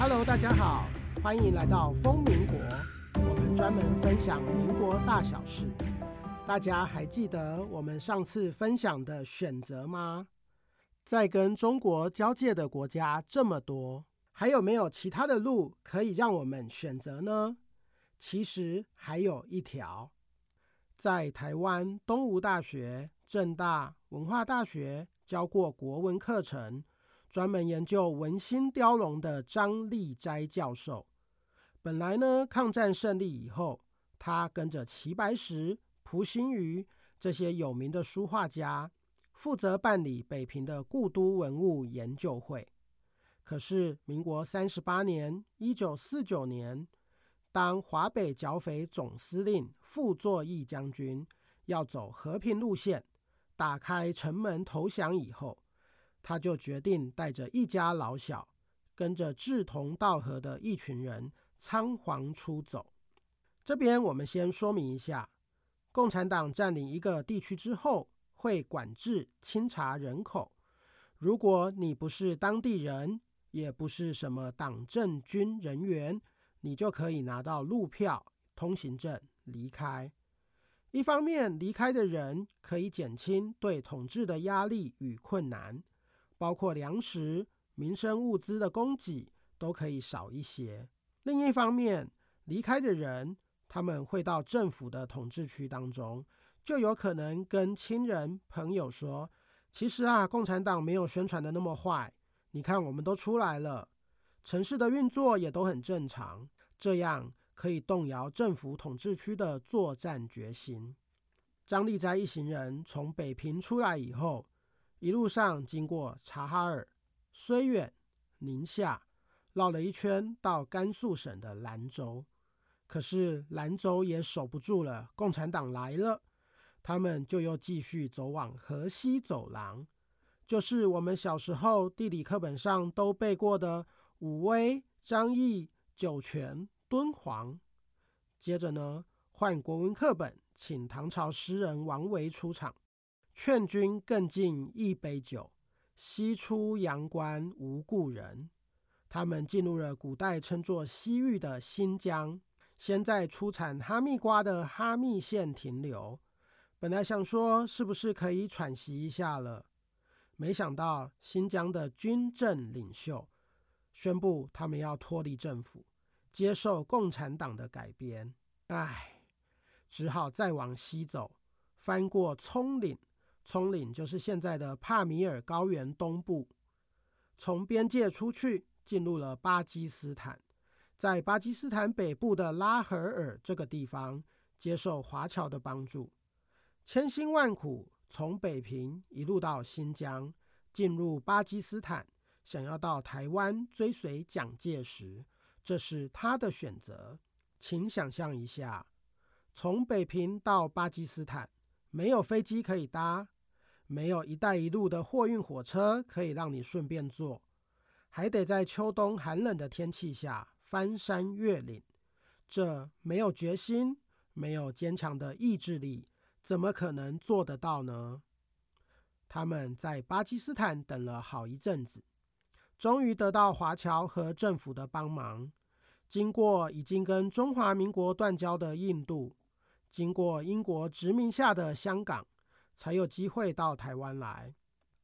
Hello，大家好，歡迎來到瘋民國。我們專門分享民國大小事。大家還記得我們上次分享的選擇嗎？在跟中國交界的國家這麼多，還有沒有其他的路可以讓我們選擇呢？其實還有一條，在台灣東吳大學、政大文化大學教過國文課程。專門研究《文心雕龍》的張立齋教授，本來呢，抗戰勝利以後，他跟着齊白石、溥心畬這些有名的書畫家，負責辦理北平的故都文物研究會。可是，民國三十八年（一九四九年），當華北剿匪總司令傅作義將軍要走和平路線，打開城門投降以後，他就決定帶着一家老小，跟着志同道合的一群人倉皇出走。這邊我們先說明一下，共產黨佔領一個地區之後，會管制、清查人口。如果你不是當地人，也不是什麼黨政軍人員，你就可以拿到路票、通行證離開。一方面，離開的人可以減輕對統治的壓力與困難。包括糧食、民生物資的供給都可以少一些。另一方面，離開的人他們會到政府的統治區當中，就有可能跟親人、朋友說：“其實啊，共產黨沒有宣傳的那麼壞。你看，我們都出來了，城市的運作也都很正常。”這樣可以動搖政府統治區的作戰決心。張立齋一行人從北平出來以後，一路上經過察哈爾、綏遠、寧夏，繞了一圈到甘肅省的蘭州，可是蘭州也守不住了，共產黨來了，他們就又繼續走往河西走廊，就是我們小時候地理課本上都背過的武威、張掖、酒泉、敦煌。接着呢，換國文課本，請唐朝詩人王維出場。勸君更盡一杯酒，西出陽關無故人。他們進入了古代稱作西域的新疆，先在出產哈密瓜的哈密縣停留。本來想說是不是可以喘息一下了，沒想到新疆的軍政領袖宣布他們要脫離政府，接受共產黨的改編。唉，只好再往西走，翻過蔥嶺。蔥嶺就是現在的帕米爾高原東部，從邊界出去，進入了巴基斯坦，在巴基斯坦北部的拉合爾這個地方，接受華僑的幫助，千辛萬苦從北平一路到新疆，進入巴基斯坦，想要到台灣追隨蔣介石，這是他的選擇。請想象一下，從北平到巴基斯坦沒有飛機可以搭。沒有“一帶一路”的貨運火車可以讓你順便坐，還得在秋冬寒冷的天氣下翻山越嶺，這沒有決心、沒有堅強的意志力，怎麼可能做得到呢？他們在巴基斯坦等了好一陣子，終於得到華僑和政府的幫忙。經過已經跟中華民國斷交的印度，經過英國殖民下的香港。才有機會到臺灣來，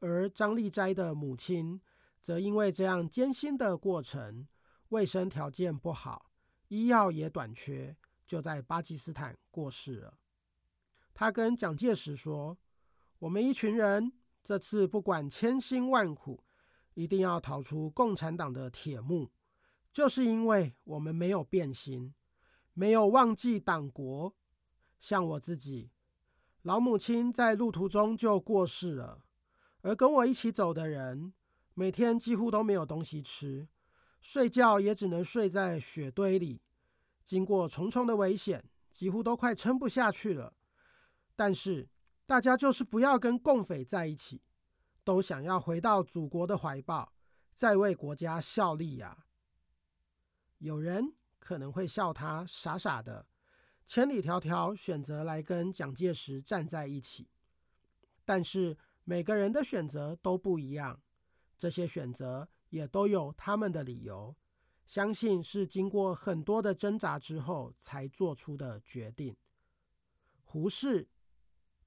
而張立齋的母親則因為這樣艱辛的過程，衛生條件不好，醫藥也短缺，就在巴基斯坦過世了。他跟蔣介石說：“我們一群人這次不管千辛萬苦，一定要逃出共產黨的鐵幕，就是因為我們沒有變心，沒有忘記黨國，像我自己。”老母親在路途中就過世了，而跟我一起走的人，每天幾乎都沒有東西吃，睡覺也只能睡在雪堆裡，經過重重的危險，幾乎都快撐不下去了。但是大家就是不要跟共匪在一起，都想要回到祖國的懷抱，再為國家效力啊！有人可能會笑他傻傻的。千里迢迢選擇來跟蔣介石站在一起，但是每個人的選擇都不一樣，這些選擇也都有他們的理由，相信是經過很多的掙扎之後才做出的決定。胡適、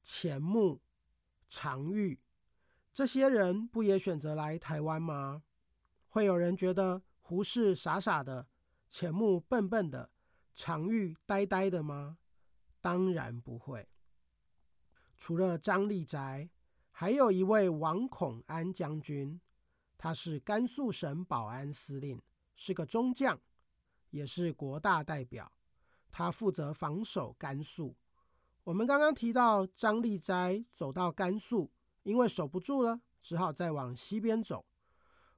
錢穆、常玉，這些人不也選擇來台灣嗎？會有人覺得胡適傻傻的，錢穆笨笨的。常遇呆呆的嗎？當然不會。除了張立齋，還有一位王孔安將軍，他是甘肅省保安司令，是個中將，也是國大代表，他負責防守甘肅。我們剛剛提到張立齋走到甘肅，因為守不住了，只好再往西邊走。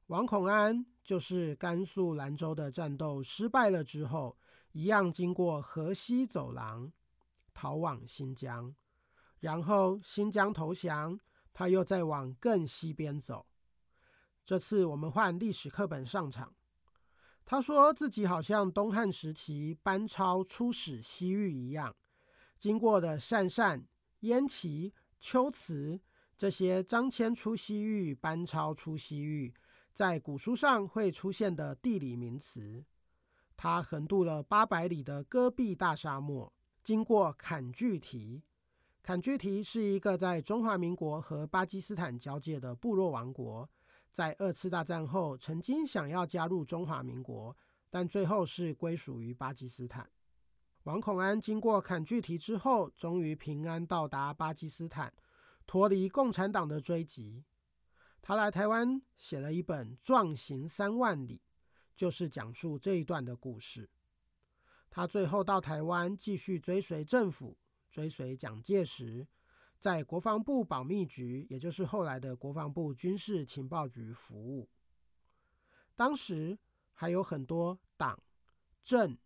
王孔安就是甘肅蘭州的戰鬥失敗了之後，一樣經過河西走廊，逃往新疆，然後新疆投降，他又再往更西邊走。這次我們換歷史課本上場。他說自己好像東漢時期班超出使西域一樣，經過的鄯善，善、焉耆、龜茲這些張騫出西域、班超出西域在古書上會出現的地理名詞。他橫渡了八百里的戈壁大沙漠，經過坎巨提。坎巨提是一個在中華民國和巴基斯坦交界的部落王國，在二次大戰後曾經想要加入中華民國，但最後是歸屬於巴基斯坦。王孔安經過坎巨提之後，終於平安到達巴基斯坦，脫離共產黨的追擊。他來台灣，寫了一本《壯行三萬里》。就是講述這一段的故事。他最後到台灣繼續追隨政府，追隨蔣介石，在國防部保密局，也就是後來的國防部軍事情報局服務。當時還有很多黨政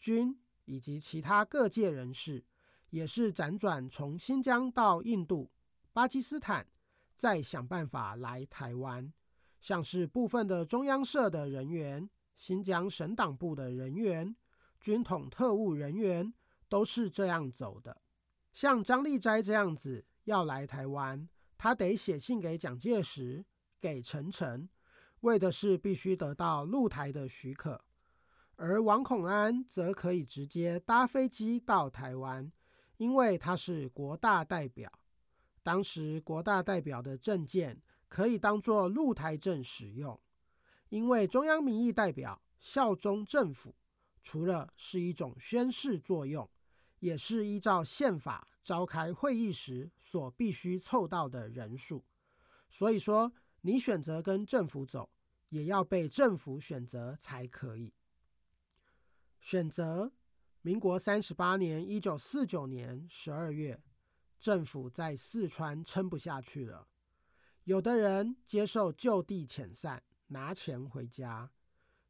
軍以及其他各界人士，也是輾轉從新疆到印度、巴基斯坦，再想辦法來台灣。像是部分的中央社的人員、新疆省黨部的人員、軍統特務人員，都是這樣走的。像張立齋這樣子要來台灣，他得寫信給蔣介石、給陳誠，為的是必須得到露台的許可。而王孔安則可以直接搭飛機到台灣，因為他是國大代表。當時國大代表的證件。可以當做露台證使用，因為中央民意代表效忠政府，除了是一種宣示作用，也是依照憲法召開會議時所必須湊到的人數。所以說，你選擇跟政府走，也要被政府選擇才可以選擇。民國三十八年（一九四九年十二月），政府在四川撐不下去了。有的人接受就地遣散，拿錢回家；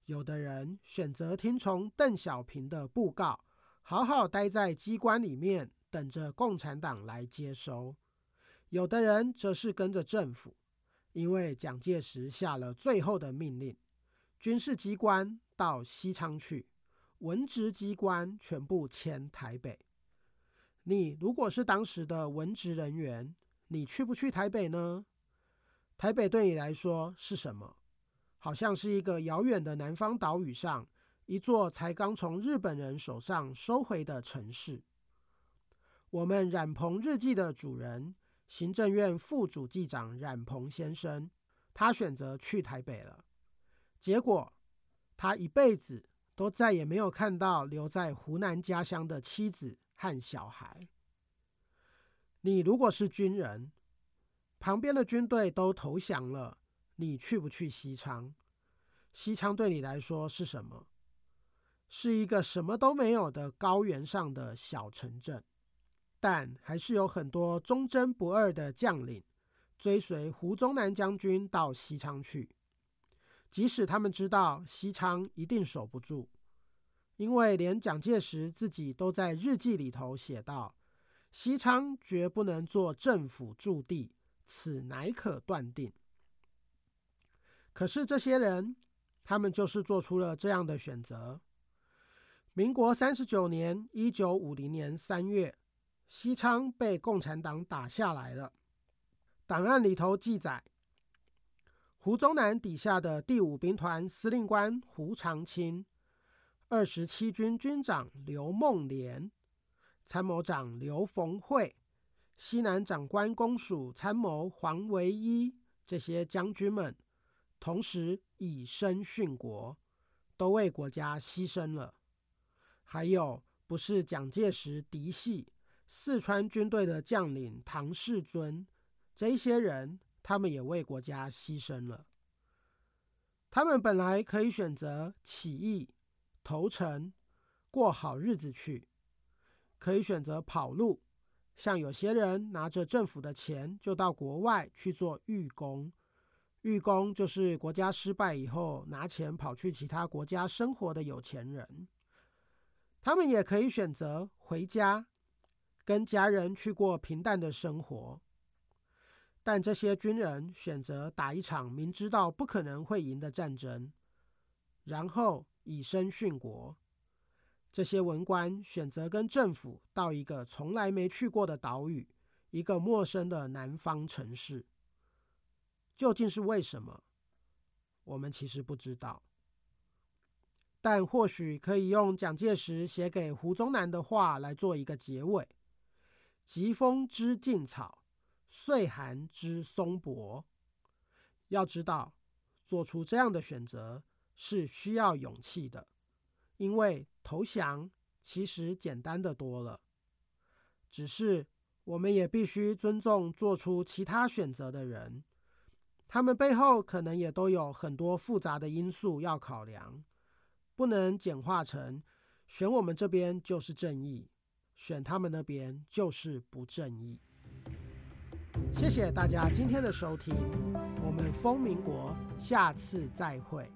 有的人選擇聽從鄧小平的布告，好好待在機關裡面，等着共產黨來接收；有的人則是跟着政府，因為蔣介石下了最後的命令，軍事機關到西昌去，文職機關全部遷台北。你如果是當時的文職人員，你去不去台北呢？台北對你來說是什麼？好像是一個遙遠的南方島嶼上一座才剛從日本人手上收回的城市。我們冉鵬日記的主人，行政院副主計長冉鵬先生，他選擇去台北了。結果，他一輩子都再也沒有看到留在湖南家鄉的妻子和小孩。你如果是軍人，旁邊的軍隊都投降了，你去不去西昌？西昌對你來說是什麼？是一個什麼都沒有的高原上的小城鎮，但還是有很多忠貞不二的將領追隨胡宗南將軍到西昌去，即使他們知道西昌一定守不住，因為連蔣介石自己都在日記裡頭寫道：“西昌絕不能做政府駐地。”此乃可斷定。可是這些人，他們就是做出了這樣的選擇。民國三十九年（一九五零年）三月，西昌被共產黨打下來了。檔案裡頭記載，胡宗南底下的第五兵團司令官胡長青，二十七軍軍長劉夢蓮，參謀長劉逢慧西南長官公署參謀黃維一，這些將軍們，同時以身殉國，都為國家犧牲了。還有不是蔣介石嫡系四川軍隊的將領唐式遵，這些人他們也為國家犧牲了。他們本來可以選擇起義、投誠、過好日子去，可以選擇跑路。像有些人拿着政府的錢，就到國外去做寓公，寓公就是國家失敗以後拿錢跑去其他國家生活的有錢人。他們也可以選擇回家，跟家人去過平淡的生活。但這些軍人選擇打一場明知道不可能會贏的戰爭，然後以身殉國。這些文官選擇跟政府到一個從來沒去過的島嶼，一個陌生的南方城市，究竟是為什麼？我們其實不知道。但或許可以用蔣介石寫給胡宗南的話來做一個結尾：“疾風知勁草，歲寒知松柏。”要知道，做出這樣的選擇是需要勇氣的。因為投降其實簡單的多了，只是我們也必須尊重做出其他選擇的人，他們背後可能也都有很多複雜的因素要考量，不能簡化成選我們這邊就是正義，選他們那邊就是不正義。謝謝大家今天的收聽，我們瘋民國下次再會。